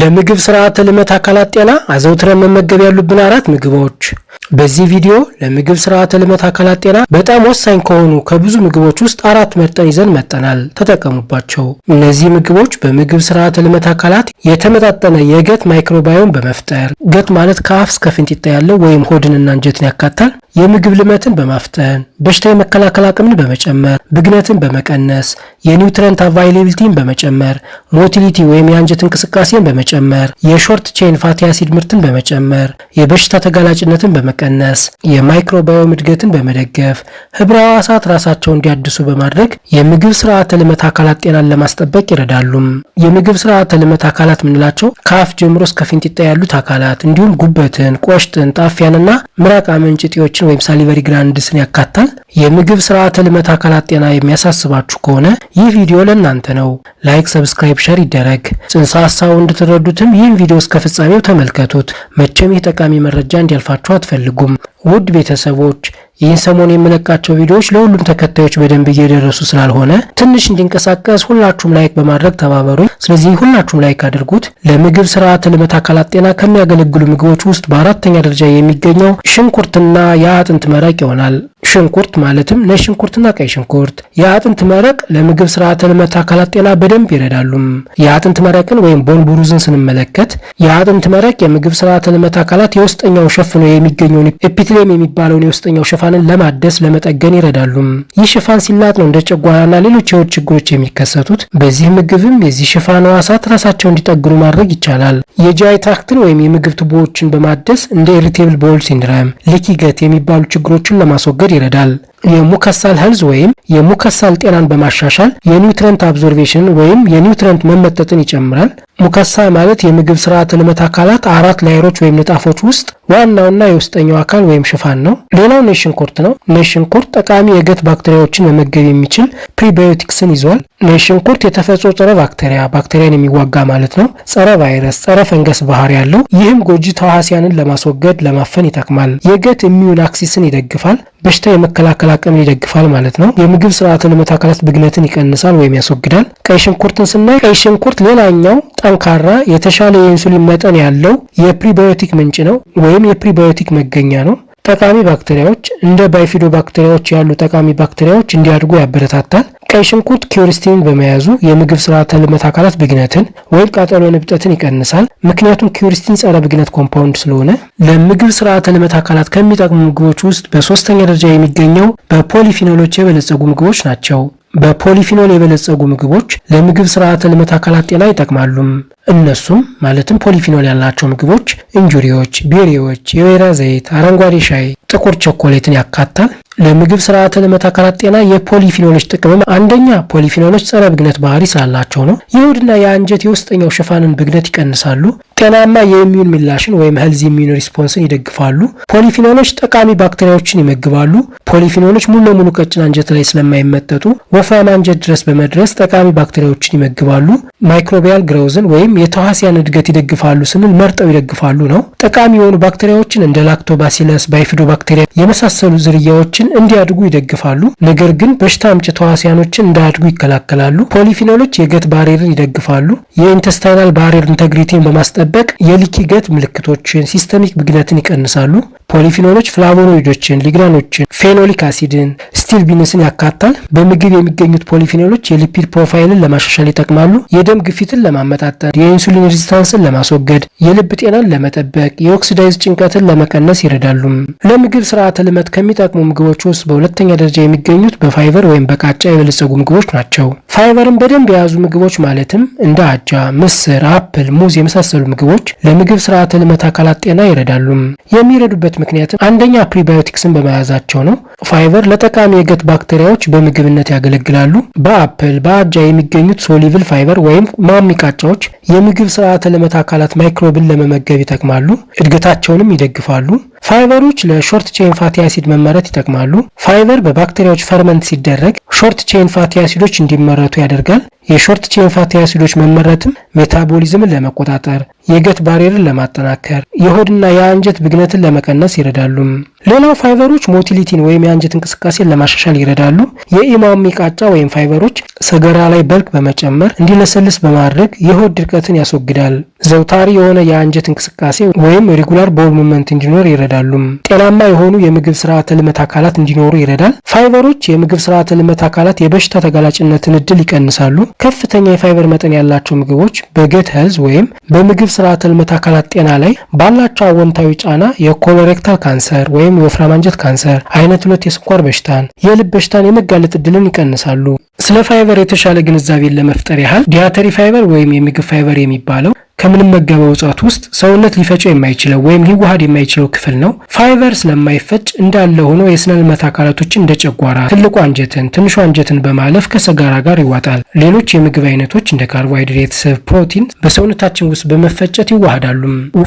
ለምግብ ስርዓተ ልመት አካላት ጤና አዘውትረን መመገብ ያሉብን አራት ምግቦች በዚህ ቪዲዮ ለምግብ ስርዓተ ልመት አካላት ጤና በጣም ወሳኝ ከሆኑ ከብዙ ምግቦች ውስጥ አራት መርጠን ይዘን መጠናል። ተጠቀሙባቸው። እነዚህ ምግቦች በምግብ ስርዓተ ልመት አካላት የተመጣጠነ የገት ማይክሮባዮም በመፍጠር ገት ማለት ከአፍ እስከ ፍንጢጣ ያለው ወይም ሆድንና እንጀትን ያካታል። የምግብ ልመትን በማፍጠን በሽታ የመከላከል አቅምን በመጨመር ብግነትን በመቀነስ የኒውትረንት አቫይላቢሊቲን በመጨመር ሞቲሊቲ ወይም የአንጀት እንቅስቃሴን በመጨመር የሾርት ቼን ፋቲ አሲድ ምርትን በመጨመር የበሽታ ተጋላጭነትን በመቀነስ የማይክሮባዮም እድገትን በመደገፍ ህብረ ህዋሳት ራሳቸውን እንዲያድሱ በማድረግ የምግብ ስርዓተ ልመት አካላት ጤናን ለማስጠበቅ ይረዳሉም። የምግብ ስርዓተ ልመት አካላት የምንላቸው ከአፍ ጀምሮ እስከ ፊንጢጣ ያሉት አካላት እንዲሁም ጉበትን፣ ቆሽጥን፣ ጣፊያንና ምራቅ አመንጭጤዎችን ወይም ሳሊቨሪ ግራንድስን ያካታል። የምግብ ስርዓተ ልመት አካላት ጤና የሚያሳስባችሁ ከሆነ ይህ ቪዲዮ ለእናንተ ነው። ላይክ፣ ሰብስክራይብ፣ ሸር ይደረግ። ጽንሰ ሀሳቡ እንድትረዱትም ይህን ቪዲዮ እስከ ፍጻሜው ተመልከቱት። መቼም ይህ ጠቃሚ መረጃ እንዲያልፋችሁ አትፈ አያስፈልጉም። ውድ ቤተሰቦች ይህን ሰሞን የምለቃቸው ቪዲዮዎች ለሁሉም ተከታዮች በደንብ እየደረሱ ስላልሆነ ትንሽ እንዲንቀሳቀስ ሁላችሁም ላይክ በማድረግ ተባበሩ። ስለዚህ ሁላችሁም ላይክ አድርጉት። ለምግብ ስርዓተ ልመት አካላት ጤና ከሚያገለግሉ ምግቦች ውስጥ በአራተኛ ደረጃ የሚገኘው ሽንኩርትና የአጥንት መረቅ ይሆናል። ሽንኩርት ማለትም ነጭ ሽንኩርትና ቀይ ሽንኩርት። የአጥንት መረቅ ለምግብ ስርዓተ ልመት አካላት ጤና በደንብ ይረዳሉም። የአጥንት መረቅን ወይም ቦንቡሩዝን ስንመለከት የአጥንት መረቅ የምግብ ስርዓተ ልመት አካላት የውስጠኛውን ሸፍኖ የሚገኘውን ኤፒቴ ሙስሊም የሚባለውን የውስጠኛው ሽፋንን ለማደስ ለመጠገን ይረዳሉ። ይህ ሽፋን ሲላጥ ነው እንደ ጨጓራና ሌሎች የሆድ ችግሮች የሚከሰቱት። በዚህ ምግብም የዚህ ሽፋን ሕዋሳት ራሳቸው እንዲጠግኑ ማድረግ ይቻላል። የጂአይ ትራክትን ወይም የምግብ ቱቦዎችን በማደስ እንደ ኢሪቴብል ቦል ሲንድረም፣ ሊኪ የሚባሉ ችግሮችን ለማስወገድ ይረዳል። የሙከሳል ሄልዝ ወይም የሙከሳል ጤናን በማሻሻል የኒውትረንት አብዞርቬሽን ወይም የኒውትረንት መመጠጥን ይጨምራል። ሙከሳ ማለት የምግብ ስርዓት ልመት አካላት አራት ላይሮች ወይም ንጣፎች ውስጥ ዋናውና የውስጠኛው አካል ወይም ሽፋን ነው። ሌላው ነጭ ሽንኩርት ነው። ነጭ ሽንኩርት ጠቃሚ የገት ባክቴሪያዎችን መመገብ የሚችል ፕሪባዮቲክስን ይዟል። ነጭ ሽንኩርት የተፈጥሮ ጸረ ባክቴሪያ ባክቴሪያን የሚዋጋ ማለት ነው፣ ጸረ ቫይረስ፣ ጸረ ፈንገስ ባህሪ ያለው ይህም ጎጂ ተዋሲያንን ለማስወገድ ለማፈን ይጠቅማል። የገት ኢሚዩን አክሲስን ይደግፋል፣ በሽታ የመከላከል አቅምን ይደግፋል ማለት ነው። የምግብ ስርዓት ልመት አካላት ብግነትን ይቀንሳል ወይም ያስወግዳል። ቀይ ሽንኩርትን ስናይ ቀይ ሽንኩርት ሌላኛው ጠንካራ የተሻለ የኢንሱሊን መጠን ያለው የፕሪባዮቲክ ምንጭ ነው ወይም የፕሪባዮቲክ መገኛ ነው። ጠቃሚ ባክቴሪያዎች እንደ ባይፊዶ ባክቴሪያዎች ያሉ ጠቃሚ ባክቴሪያዎች እንዲያድጉ ያበረታታል። ቀይ ሽንኩርት ኪዮሪስቲን በመያዙ የምግብ ስርዓተ ልመት አካላት ብግነትን ወይም ቃጠሎ ንብጠትን ይቀንሳል። ምክንያቱም ኪዮሪስቲን ጸረ ብግነት ኮምፓውንድ ስለሆነ። ለምግብ ስርዓተ ልመት አካላት ከሚጠቅሙ ምግቦች ውስጥ በሶስተኛ ደረጃ የሚገኘው በፖሊፊኖሎች የበለጸጉ ምግቦች ናቸው። በፖሊፊኖል የበለጸጉ ምግቦች ለምግብ ስርዓተ ልመት አካላት ጤና ይጠቅማሉ። እነሱም ማለትም ፖሊፊኖል ያላቸው ምግቦች እንጆሪዎች፣ ቤሪዎች፣ የወይራ ዘይት፣ አረንጓዴ ሻይ፣ ጥቁር ቸኮሌትን ያካታል። ለምግብ ስርዓተ ልመት አካላት ጤና የፖሊፊኖሎች ጥቅምም አንደኛ ፖሊፊኖሎች ጸረ ብግነት ባህሪ ስላላቸው ነው። የሆድና የአንጀት የውስጠኛው ሽፋንን ብግነት ይቀንሳሉ። ጤናማ የኢሚዩን ምላሽን ወይም ሄልዚ ኢሚዩን ሪስፖንስን ይደግፋሉ። ፖሊፊኖሎች ጠቃሚ ባክቴሪያዎችን ይመግባሉ። ፖሊፊኖሎች ሙሉ ለሙሉ ቀጭን አንጀት ላይ ስለማይመጠጡ ወፍራም አንጀት ድረስ በመድረስ ጠቃሚ ባክቴሪያዎችን ይመግባሉ። ማይክሮቢያል ግረውዝን ወይም የተዋሲያን እድገት ይደግፋሉ ስንል መርጠው ይደግፋሉ ነው። ጠቃሚ የሆኑ ባክቴሪያዎችን እንደ ላክቶባሲለስ፣ ባይፊዶ ባክቴሪያ የመሳሰሉ ዝርያዎችን እንዲያድጉ ይደግፋሉ። ነገር ግን በሽታ አምጪ ተዋሲያኖችን እንዳያድጉ ይከላከላሉ። ፖሊፊኖሎች የገት ባሬርን ይደግፋሉ። የኢንተስታይናል ባሬር ኢንተግሪቲን በማስጠበቅ የሊኪ ገት ምልክቶችን፣ ሲስተሚክ ብግነትን ይቀንሳሉ። ፖሊፊኖሎች ፍላቮኖይዶችን፣ ሊግናኖችን፣ ፌኖሊክ አሲድን፣ ስቲል ቢንስን ያካታል። በምግብ የሚገኙት ፖሊፊኖሎች የሊፒድ ፕሮፋይልን ለማሻሻል ይጠቅማሉ። የደም ግፊትን ለማመጣጠን፣ የኢንሱሊን ሬዚስታንስን ለማስወገድ፣ የልብ ጤናን ለመጠበቅ፣ የኦክሲዳይዝ ጭንቀትን ለመቀነስ ይረዳሉ። ለምግብ ስርዓተ ልመት ከሚጠቅሙ ምግቦች ውስጥ በሁለተኛ ደረጃ የሚገኙት በፋይበር ወይም በቃጫ የበለጸጉ ምግቦች ናቸው። ፋይበርን በደንብ የያዙ ምግቦች ማለትም እንደ አጃ፣ ምስር፣ አፕል፣ ሙዝ የመሳሰሉ ምግቦች ለምግብ ስርዓተ ልመት አካላት ጤና ይረዳሉ። የሚረዱበት ምክንያትም አንደኛ ፕሪባዮቲክስን በመያዛቸው ነው። ፋይበር ለጠቃሚ የገት ባክቴሪያዎች በምግብነት ያገለግላሉ። በአፕል በአጃ የሚገኙት ሶሊቭል ፋይበር ወይም ማሚቃጫዎች የምግብ ስርዓተ ልመት አካላት ማይክሮብን ለመመገብ ይጠቅማሉ፣ እድገታቸውንም ይደግፋሉ። ፋይበሮች ለሾርት ቼን ፋቲ አሲድ መመረት ይጠቅማሉ። ፋይበር በባክቴሪያዎች ፈርመንት ሲደረግ ሾርት ቼን ፋቲ አሲዶች እንዲመረቱ ያደርጋል። የሾርት ቼን ፋቲ አሲዶች መመረትም ሜታቦሊዝምን ለመቆጣጠር የገት ባሬርን ለማጠናከር የሆድና የአንጀት ብግነትን ለመቀነስ ይረዳሉም። ሌላው ፋይበሮች ሞቲሊቲን ወይም የአንጀት እንቅስቃሴን ለማሻሻል ይረዳሉ። የኢማሚ ቃጫ ወይም ፋይበሮች ሰገራ ላይ በልክ በመጨመር እንዲለሰልስ በማድረግ የሆድ ድርቀትን ያስወግዳል። ዘውታሪ የሆነ የአንጀት እንቅስቃሴ ወይም ሬጉላር ቦል ሙመንት እንዲኖር ይረዳሉ። ጤናማ የሆኑ የምግብ ስርዓተ ልመት አካላት እንዲኖሩ ይረዳል። ፋይበሮች የምግብ ስርዓተ ልመት አካላት የበሽታ ተጋላጭነትን እድል ይቀንሳሉ። ከፍተኛ የፋይበር መጠን ያላቸው ምግቦች በገት ህዝ ወይም በምግብ ስርዓተ ልመት አካላት ጤና ላይ ባላቸው አወንታዊ ጫና የኮሎሬክታል ካንሰር ወይም ወይም የወፍራም አንጀት ካንሰር፣ አይነት ሁለት የስኳር በሽታን፣ የልብ በሽታን የመጋለጥ እድልን ይቀንሳሉ። ስለ ፋይበር የተሻለ ግንዛቤን ለመፍጠር ያህል ዲያተሪ ፋይበር ወይም የምግብ ፋይበር የሚባለው ከምንመገበው እጽዋት ውስጥ ሰውነት ሊፈጨው የማይችለው ወይም ሊዋሃድ የማይችለው ክፍል ነው። ፋይበር ስለማይፈጭ እንዳለ ሆኖ የስነ ልመት አካላቶችን እንደ ጨጓራ፣ ትልቁ አንጀትን፣ ትንሹ አንጀትን በማለፍ ከሰጋራ ጋር ይዋጣል። ሌሎች የምግብ አይነቶች እንደ ካርቦሃይድሬት፣ ስብ፣ ፕሮቲን በሰውነታችን ውስጥ በመፈጨት ይዋሃዳሉ።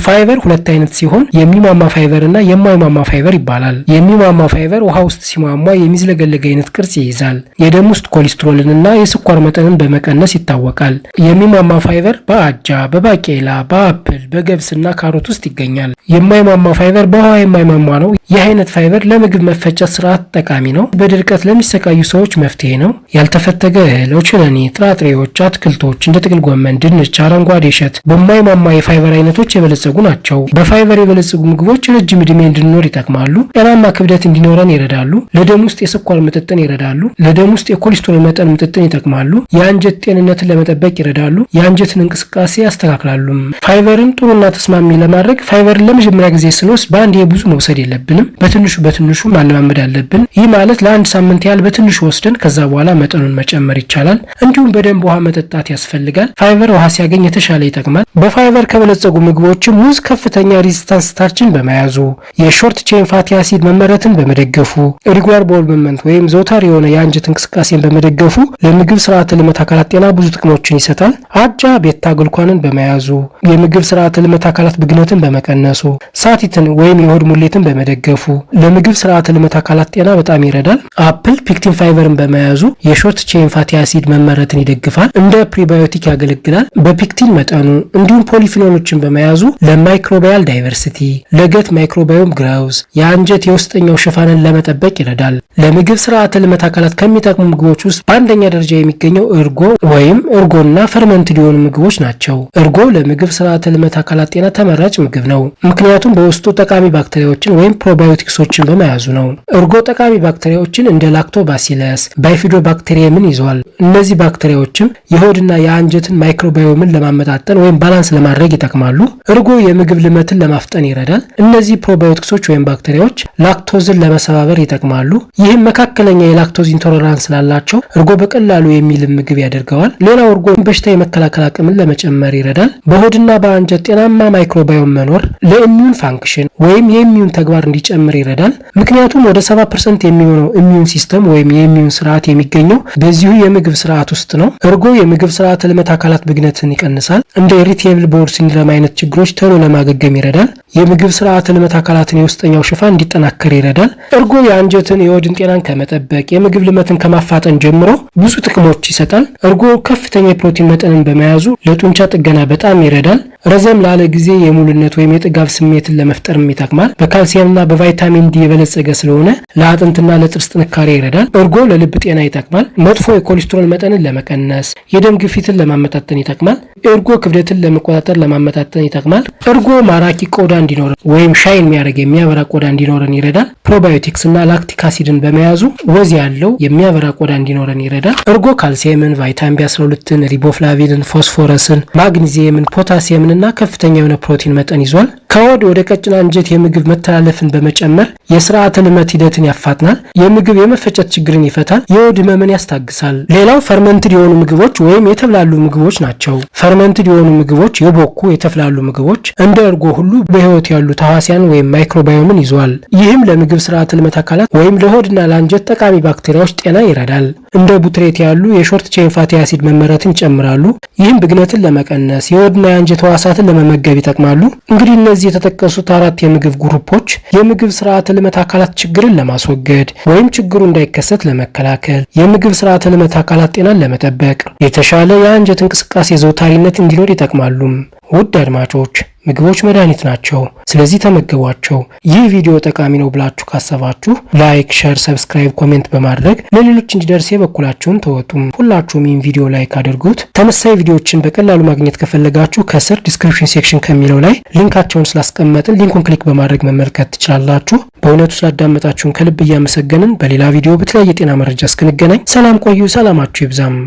ፋይበር ሁለት አይነት ሲሆን የሚማማ ፋይበር እና የማይሟማ ፋይበር ይባላል። የሚሟማ ፋይበር ውሃ ውስጥ ሲሟሟ የሚዝለገለግ አይነት ቅርጽ ይይዛል። የደም ውስጥ ኮሌስትሮልን እና የስኳር መጠንን በመቀነስ ይታወቃል። የሚማማ ፋይበር በአጃ በባ በባቄላ፣ በአፕል፣ በገብስና ካሮት ውስጥ ይገኛል። የማይሟማ ፋይበር በውሃ የማይሟማ ነው። ይህ አይነት ፋይበር ለምግብ መፈጨት ስርዓት ጠቃሚ ነው። በድርቀት ለሚሰቃዩ ሰዎች መፍትሄ ነው። ያልተፈተገ እህል ነኒ፣ ጥራጥሬዎች፣ አትክልቶች እንደ ጥቅል ጎመን፣ ድንች፣ አረንጓዴ እሸት በማይማማ የፋይበር አይነቶች የበለጸጉ ናቸው። በፋይበር የበለጸጉ ምግቦች ረጅም ዕድሜ እንድንኖር ይጠቅማሉ። ጤናማ ክብደት እንዲኖረን ይረዳሉ። ለደም ውስጥ የስኳር ምጥጥን ይረዳሉ። ለደም ውስጥ የኮሌስትሮል መጠን ምጥጥን ይጠቅማሉ። የአንጀት ጤንነትን ለመጠበቅ ይረዳሉ። የአንጀትን እንቅስቃሴ ያስተካክላሉ። ፋይበርን ጥሩና ተስማሚ ለማድረግ ፋይበርን ለመጀመሪያ ጊዜ ስንወስድ በአንድ ብዙ መውሰድ የለብን አይደለም። በትንሹ በትንሹ ማለማመድ አለብን። ይህ ማለት ለአንድ ሳምንት ያህል በትንሹ ወስደን ከዛ በኋላ መጠኑን መጨመር ይቻላል። እንዲሁም በደንብ ውሃ መጠጣት ያስፈልጋል። ፋይበር ውሃ ሲያገኝ የተሻለ ይጠቅማል። በፋይበር ከበለጸጉ ምግቦችም ሙዝ ከፍተኛ ሪዚስታንስ ስታርችን በመያዙ የሾርት ቼን ፋቲ አሲድ መመረትን በመደገፉ ሪጓር ቦል መመንት ወይም ዘውታር የሆነ የአንጀት እንቅስቃሴን በመደገፉ ለምግብ ስርዓተ ልመት አካላት ጤና ብዙ ጥቅሞችን ይሰጣል። አጃ ቤታ ግልኳንን በመያዙ የምግብ ስርዓተ ልመት አካላት ብግነትን በመቀነሱ ሳቲትን ወይም የሆድ ሙሌትን በመደገፉ እንዳይገፉ። ለምግብ ስርዓተ ልመት አካላት ጤና በጣም ይረዳል። አፕል ፒክቲን ፋይበርን በመያዙ የሾርት ቼን ፋቲ አሲድ መመረትን ይደግፋል፣ እንደ ፕሪባዮቲክ ያገለግላል። በፒክቲን መጠኑ እንዲሁም ፖሊፊኖሎችን በመያዙ ለማይክሮባያል ዳይቨርሲቲ፣ ለገት ማይክሮባዮም ግራውዝ፣ የአንጀት የውስጠኛው ሽፋንን ለመጠበቅ ይረዳል። ለምግብ ስርዓተ ልመት አካላት ከሚጠቅሙ ምግቦች ውስጥ በአንደኛ ደረጃ የሚገኘው እርጎ ወይም እርጎና ፈርመንት ሊሆኑ ምግቦች ናቸው። እርጎ ለምግብ ስርዓተ ልመት አካላት ጤና ተመራጭ ምግብ ነው፣ ምክንያቱም በውስጡ ጠቃሚ ባክቴሪያዎችን ወይም ፕሮባዮቲክሶችን በመያዙ ነው። እርጎ ጠቃሚ ባክቴሪያዎችን እንደ ላክቶባሲለስ፣ ባይፊዶ ባክቴሪየምን ይዘዋል። እነዚህ ባክቴሪያዎችም የሆድና የአንጀትን ማይክሮባዮምን ለማመጣጠን ወይም ባላንስ ለማድረግ ይጠቅማሉ። እርጎ የምግብ ልመትን ለማፍጠን ይረዳል። እነዚህ ፕሮባዮቲክሶች ወይም ባክቴሪያዎች ላክቶዝን ለመሰባበር ይጠቅማሉ። ይህም መካከለኛ የላክቶዝ ኢንቶለራንስ ስላላቸው እርጎ በቀላሉ የሚልም ምግብ ያደርገዋል። ሌላው እርጎ በሽታ የመከላከል አቅምን ለመጨመር ይረዳል። በሆድና በአንጀት ጤናማ ማይክሮባዮም መኖር ለኢሚዩን ፋንክሽን ወይም የኢሚዩን ተግባር እንዲ እንዲጨምር ይረዳል። ምክንያቱም ወደ 70 ፐርሰንት የሚሆነው ኢሚዩን ሲስተም ወይም የኢሚዩን ስርዓት የሚገኘው በዚሁ የምግብ ስርዓት ውስጥ ነው። እርጎ የምግብ ስርዓት ልመት አካላት ብግነትን ይቀንሳል። እንደ ኢሪቴብል ቦወል ሲንድረም አይነት ችግሮች ቶሎ ለማገገም ይረዳል። የምግብ ስርዓተ ልመት አካላትን የውስጠኛው ሽፋን እንዲጠናከር ይረዳል። እርጎ የአንጀትን የወድን ጤናን ከመጠበቅ የምግብ ልመትን ከማፋጠን ጀምሮ ብዙ ጥቅሞች ይሰጣል። እርጎ ከፍተኛ የፕሮቲን መጠንን በመያዙ ለጡንቻ ጥገና በጣም ይረዳል። ረዘም ላለ ጊዜ የሙሉነት ወይም የጥጋብ ስሜትን ለመፍጠርም ይጠቅማል። በካልሲየምና በቫይታሚን ዲ የበለጸገ ስለሆነ ለአጥንትና ለጥርስ ጥንካሬ ይረዳል። እርጎ ለልብ ጤና ይጠቅማል። መጥፎ የኮሌስትሮል መጠንን ለመቀነስ፣ የደም ግፊትን ለማመጣጠን ይጠቅማል። እርጎ ክብደትን ለመቆጣጠር ለማመጣጠን ይጠቅማል። እርጎ ማራኪ ቆዳ እንዲኖረን ወይም ሻይን የሚያደርግ የሚያበራ ቆዳ እንዲኖረን ይረዳል። ፕሮባዮቲክስ እና ላክቲክ አሲድን በመያዙ ወዝ ያለው የሚያበራ ቆዳ እንዲኖረን ይረዳል። እርጎ ካልሲየምን፣ ቫይታሚን ቢ12ን፣ ሪቦፍላቪንን፣ ፎስፎረስን፣ ማግኒዚየምን፣ ፖታሲየምን እና ከፍተኛ የሆነ ፕሮቲን መጠን ይዟል። ከወድ ወደ ቀጭን አንጀት የምግብ መተላለፍን በመጨመር የስርዓተ ልመት ሂደትን ያፋጥናል። የምግብ የመፈጨት ችግርን ይፈታል። የወድ ህመምን ያስታግሳል። ሌላው ፈርመንትድ የሆኑ ምግቦች ወይም የተብላሉ ምግቦች ናቸው። ፈርመንትድ የሆኑ ምግቦች የቦኩ የተፍላሉ ምግቦች እንደ እርጎ ሁሉ በህይወት ያሉ ተዋሲያን ወይም ማይክሮባዮምን ይዟል። ይህም ለምግብ ስርዓተ ልመት አካላት ወይም ለሆድና ለአንጀት ጠቃሚ ባክቴሪያዎች ጤና ይረዳል። እንደ ቡትሬት ያሉ የሾርት ቼን ፋቲ አሲድ መመረትን ይጨምራሉ። ይህም ብግነትን ለመቀነስ የወድና የአንጀት ህዋሳትን ለመመገብ ይጠቅማሉ። እንግዲህ እነዚህ የተጠቀሱት አራት የምግብ ግሩፖች የምግብ ስርዓተ ልመት አካላት ችግርን ለማስወገድ ወይም ችግሩ እንዳይከሰት ለመከላከል፣ የምግብ ስርዓተ ልመት አካላት ጤናን ለመጠበቅ፣ የተሻለ የአንጀት እንቅስቃሴ ዘውታሪነት እንዲኖር ይጠቅማሉም። ውድ አድማጮች ምግቦች መድኃኒት ናቸው። ስለዚህ ተመገቧቸው። ይህ ቪዲዮ ጠቃሚ ነው ብላችሁ ካሰባችሁ ላይክ፣ ሸር፣ ሰብስክራይብ፣ ኮሜንት በማድረግ ለሌሎች እንዲደርስ የበኩላችሁን ተወጡም። ሁላችሁም ይህን ቪዲዮ ላይክ አድርጉት። ተመሳሳይ ቪዲዮዎችን በቀላሉ ማግኘት ከፈለጋችሁ ከስር ዲስክሪፕሽን ሴክሽን ከሚለው ላይ ሊንካቸውን ስላስቀመጥን ሊንኩን ክሊክ በማድረግ መመልከት ትችላላችሁ። በእውነቱ ስላዳመጣችሁን ከልብ እያመሰገንን በሌላ ቪዲዮ በተለያየ የጤና መረጃ እስክንገናኝ ሰላም ቆዩ። ሰላማችሁ ይብዛም።